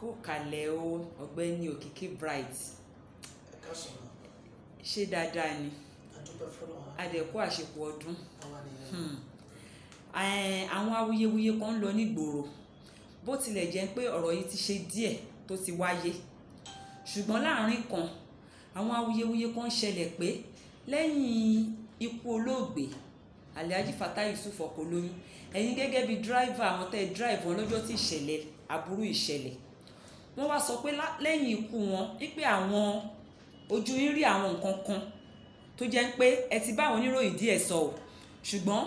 kú kalẹ̀ o ọ̀gbẹ́ni òkìkí bright ṣé dáadáa ni adẹ̀kú àṣepọ̀ ọdún hmm. àwọn awuyewuye kan ń lọ nígboro bó tilẹ̀ jẹ́ pé ọ̀rọ̀ yìí ti ṣe díẹ̀ tó ti wáyé ṣùgbọ́n láàrin kan àwọn awuyewuye kan ṣẹlẹ̀ pé lẹ́yìn ikú olóògbé alhaji fatai yusuf ọkọ lóyún ẹ̀yin gẹ́gẹ́ bíi dírìvà àwọn tẹ́ dírìvà lọ́jọ́ tí ìṣẹ̀lẹ̀ aburú ìṣẹ̀lẹ̀ wọ́n wá sọ pé lẹ́yìn ikú wọn wípé àwọn ojú yín rí àwọn nǹkan kan tó jẹ́ pé ẹ ti bá àwọn oníròyìn díẹ̀ sọ o ṣùgbọ́n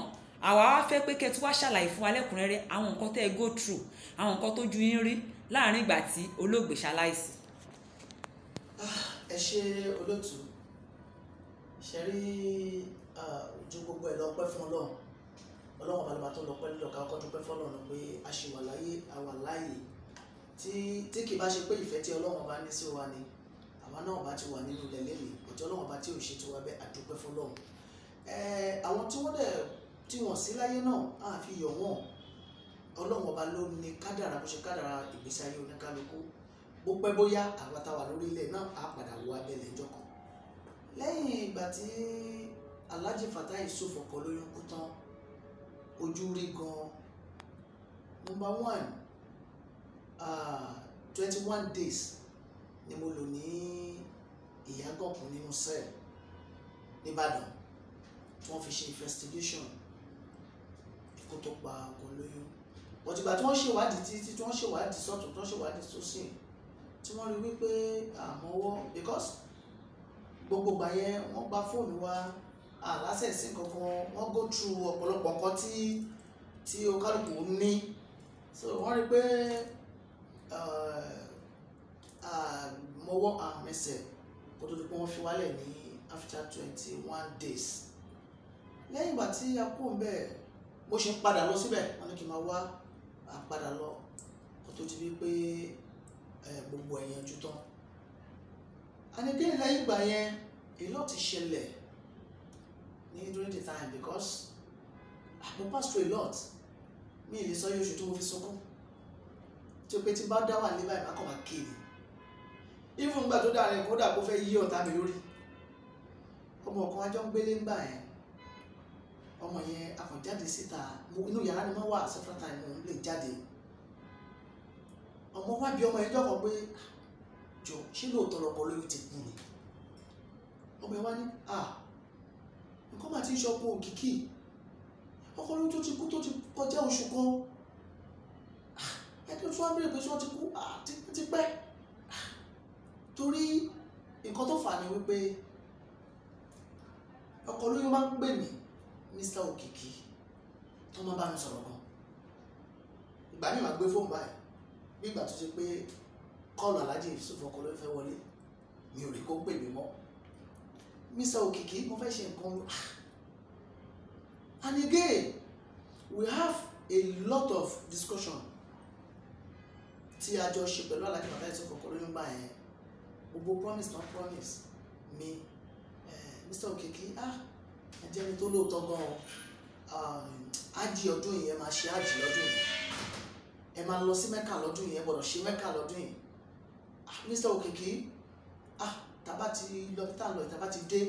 àwa wá fẹ́ pé kẹ́tù wá ṣàlàyé fún wa lẹ́kùnrẹ́rẹ́ àwọn nǹkan tẹ́ ẹ go through àwọn nǹkan tó ju yín rí láàrin ìgbà tí olóògbé ṣaláìsí. Ah, ẹ ṣe olóòtú ṣe rí ojú gbogbo ẹ lọpẹ́ fún Ọlọ́run Ọlọ́run balùwà tó lọpẹ́ lílọ ká kọjú pẹ́ fún Ọlọ́run pé a ṣì wà láyé àwa láyé tí tí kì í bá ṣe pé ìfẹ́ tí ọlọ́run bá ní sí wa ni àwa náà bá ti wà nínú ilẹ̀ lẹ́lẹ̀ ọjọ́ ọlọ́run bá tí ò ṣe tó wa bẹ́ẹ̀ àdúpẹ́ fọlọ́run àwọn tí wọ́n dẹ̀ tí wọ́n sí láyé náà á fi yọ̀ wọ́n ọlọ́run ọba ló ní kádàrà bó ṣe kádàrà ìgbésí ayé oníkálukú bó pẹ́ bóyá àwa táwa lórí ilẹ̀ náà á padà wọ abẹ́lẹ̀ ẹjọ́ kan lẹ́yìn ìgbà tí Alhaji Fatai Yusuf lóyún kú tán ojú rí gan-an number one Ah, twenty one days ni mo lò ní ìyàgànkù nínú cell nìbàdàn tí wọ́n fi ṣe investigation ikú tó pa ọkọ̀ lóyún bọ̀tìgbà tí wọ́n ṣèwádìí títí tí wọ́n ṣèwádìí sọ́tún tí wọ́n ṣèwádìí sósì tí wọ́n rí wípé àmọ́wọ́ because gbogbo ìgbà yẹn wọ́n gba fóònù wa àlásẹ̀sí kankan wọ́n go through ọ̀pọ̀lọpọ̀ nǹkan tí tí okálùkù ní so wọ́n rí pé Uh, uh, mọwọ́ àmẹsẹ̀ uh, kó tó di pé wọ́n fi wálẹ̀ ní after twenty one days lẹ́yìn ìgbà tí a kú ń bẹ́ẹ̀ bó ṣe padà lọ síbẹ̀ wọ́n ní kí n máa wá àpadà lọ kó tó ti di pé gbogbo ẹ̀yẹn ojú tán anigbe lẹ́yìn ìgbà yẹn a lot ti ṣẹlẹ̀ ní during the time because I ah, go pass through a lot mi ì lè sọ yóò ṣe tó mo fi sunkún. So cool tí o pé tí n bá dá wà ní báyìí má kàn máa kéde even gbà tó dára ẹ̀ kó dà kó fẹ́ yí ọ̀tá mi lórí ọmọ kan ajọ́ ń gbélé ńgbà yẹn ọmọ yẹn akọ̀jáde síta inú yàrá ni wọ́n wà several times òun lè jáde ọmọ wa bí ọmọ yẹn jọ́kọ̀ pé ah, jọ ṣé lóòótọ́ lọkọ lórí ti kú ni ọmọ yẹn wá ní à nǹkan máa ti ń ṣọpọ̀ òkìkí ọkọ lórí tó ti kú tó ti kọjá oṣù kan tí wọ́n béèrè pé ṣé wọ́n ti kú ti pẹ́ torí nǹkan tó fà ní wípé ọkọ olóyún máa ń pè mí Mr. Òkìkí tó máa bá mi sọ̀rọ̀ gan ìgbà mi máa gbé fóònù báyìí bí ìgbà tó ṣe pé kọ́ọ̀lù aláàjì Yusuf ọkọ olóyún fẹ́ wọlé mi ò rí kó pè mí mọ́ Mr. Òkìkí mo fẹ́ ṣe nǹkan lọ ah. and again we have a lot of discussion tí a jọ ṣe pẹ̀lú alájọ àtàyè tó kọ̀ọ̀kan lóyún gbà yẹn gbogbo promise not promise mi Mr. Okiki ah ẹ jẹ́ mi tó lóòótọ́ gan o ájì ọdún yìí ẹ máa ṣe ájì lọ́dún yìí ẹ máa lọ sí mẹ́kà lọ́dún yìí ẹ gbọ́dọ̀ ṣe mẹ́kà lọ́dún yìí ah Mr. Okiki ah tàbá ti lọ títà lọ tàbá ti dé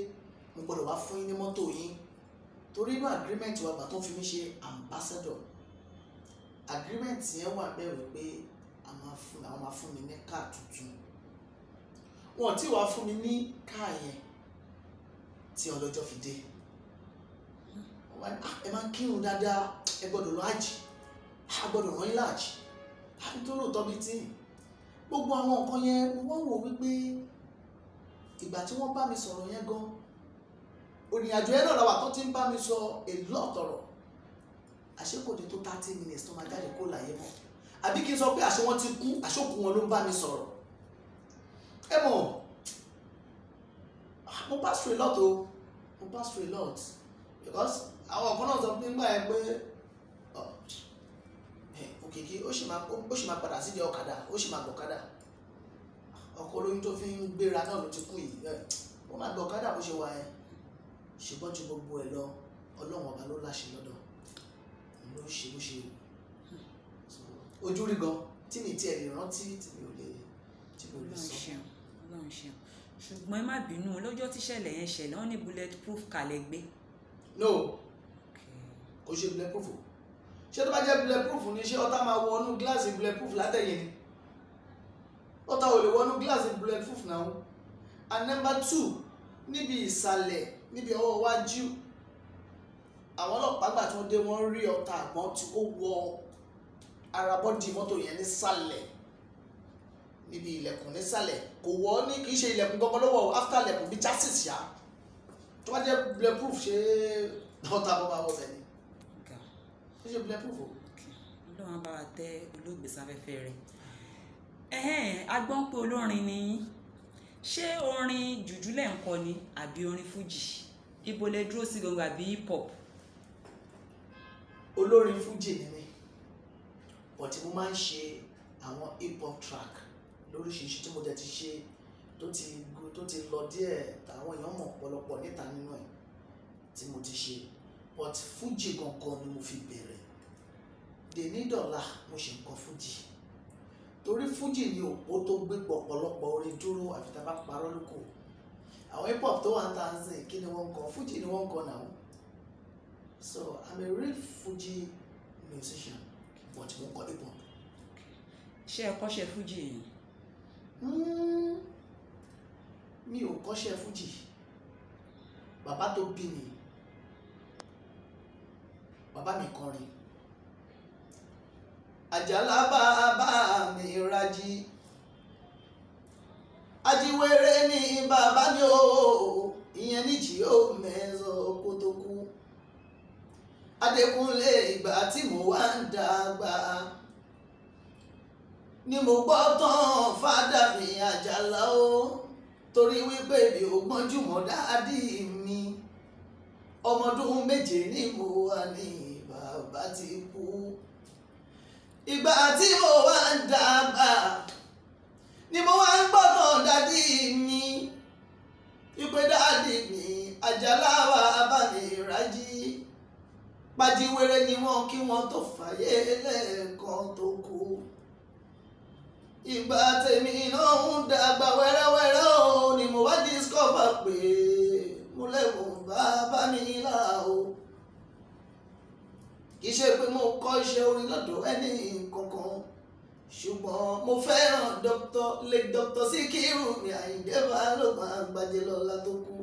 mo gbọ́dọ̀ wá fún yín ní mọ́tò yín torí inú agreement wa gbà tó fi mí ṣe ambassador agreement yẹn wà bẹ́ẹ̀ wípé àwọn máa fún mi ní káà tuntun wọn tí wàá fún mi ní káà yẹn tí ọlọ́jọ́ fi dé ah, ẹ máa ń kírun dáadáa ẹ gbọ́dọ̀ lọ àjì a gbọ́dọ̀ rán ilá àjì àbí tó lóòótọ́ bíi tí gbogbo àwọn nǹkan yẹn wọ́n wò wípé ìgbà tí wọ́n bá mi sọ̀rọ̀ yẹn gan òrìn àjò yẹn náà làwà tó ti ń bá mi sọ èlò ọ̀tọ̀rọ̀ àṣekòdì tó thirty minutes tó máa jáde kó láyé mọ́ àbí kí n sọ pé àṣẹ wọn ti kú àṣọkù wọn ló ń bá mi sọ̀rọ̀ ẹ mọ̀ ah, mo pass through a lot o mo pass through a lot because àwọn kan náà sọ nígbà yẹn pé oh, eh, òkìkí ó sì máa padà sídìí ọ̀kadà ó sì máa gbọ̀kadà ọkọ̀ olóyún tó fi ń gbéra náà ló ti kú yìí wọ́n eh, máa gbọ̀kadà bó ṣe wà yẹn ṣùgbọ́n ju gbogbo ẹ̀ lọ ọlọ́run ọba ló láṣẹ lọ́dọ̀ ló ṣe bó ṣe wù ojú rí gan tí mi tiẹ̀ lè rántí tí mi ò lè tí mi ò lè sọ. ọlọ́run ṣeun ṣùgbọ́n ẹ má bínú lọ́jọ́ tíṣẹ̀lẹ̀ yẹn ṣẹlẹ̀ wọ́n ní bullet proof kalẹ̀ gbé. no kò ṣe bullet proof o ṣé tó bá jẹ́ bullet proof ni ṣé ọ̀tá máa wọ inú gíláàsì bullet proof látẹ̀yìn ni ọ̀tá ò lè wọ inú gíláàsì bullet proof náà and number two níbi ìsàlẹ̀ níbi ọwọ́ wájú àwọn ọlọ́pàá gbà tí wọ́n dé wọ́n rí ọ̀tá àgbọ̀n tí ó wọ ara bọ́dì mọ́tò yẹn nísàlẹ̀ níbi ilẹ̀kùn nísàlẹ̀ kò wọ́ ní kì í ṣe ilẹ̀kùn gangan lọ́wọ́ after ilẹ̀kùn bíi chassis ṣá tó bá jẹ́ bulletproof ṣé ọ̀tá bọ́ bá wọ̀ bẹ́ẹ̀ ni ṣé ṣe bulletproof o. ọlọ́run bá wa tẹ olóògbé sáfẹ́fẹ́ rẹ̀ agbọ́n pé olórin ni yín ṣé orin jùjú lẹ̀ ni àbí orin fújì ibo lẹ dúró sí gbogbo àbí hip hop. olórin fújì ni mí but mo máa ń ṣe àwọn hip hop track lóríṣiríṣi tí mo dẹ̀ ti ṣe tó ti tó ti lọ díẹ̀ táwọn èèyàn mọ̀ pọ̀lọpọ̀ níta nínú ẹ̀ tí mo ti ṣe but fújì gangan ni mo fi bẹ̀rẹ̀ dèní dọ̀là mo ṣe nǹkan fújì torí fújì ni òpó tó gbé pọ̀ pọ̀lọpọ̀ orin dúró àfi tá a bá parọ́ lóko àwọn hip hop tó wà ń tàn sí kí ni wọ́n ń kọ fújì ni wọ́n kọ náà so I'm a real fújì musician but mo kọ́ nípọn. ṣé ẹ kọ́ṣẹ́ fújì yìí. Hmm. mi ò kọ́ṣẹ́ fújì bàbá tó bí mi bàbá mi kọrin àjàlá bàbá mi rají ajíwèrè ni bàbá mi ò ìyẹn níjì ó mẹ́sàn-án kó kú. Adékúnlé ìgbà tí mo wá ń dàgbà ni mo gbọ́ tán fádà mi àjàlá o torí wípé mi ò gbọ́njú mọ́ dáadí mi ọmọdún méje ni mo wà ní bàbá ti kú ìgbà tí mo wá ń dàgbà ni mo wá ń gbọ́ tán dádí mi wípé dáadí mi àjàlá wa bá mi rájí pàjíwèrè ni wọ́n kí wọ́n tó fàyè lẹ́ẹ̀kan tó kú ìgbà tèmi náà ń dàgbà wẹ́rẹ́wẹ́rẹ́ o ni mo wá discover pé mo lẹ́wọ̀n bàbá mi lára o kì í ṣe pé mo kọ́ iṣẹ́ orin lọ́dọ̀ ẹni kankan ṣùgbọ́n mo fẹ́ràn dr lake dr Síkírù ní Àyìndé Balógun Àgbàjẹ́lọ́lá tó kú.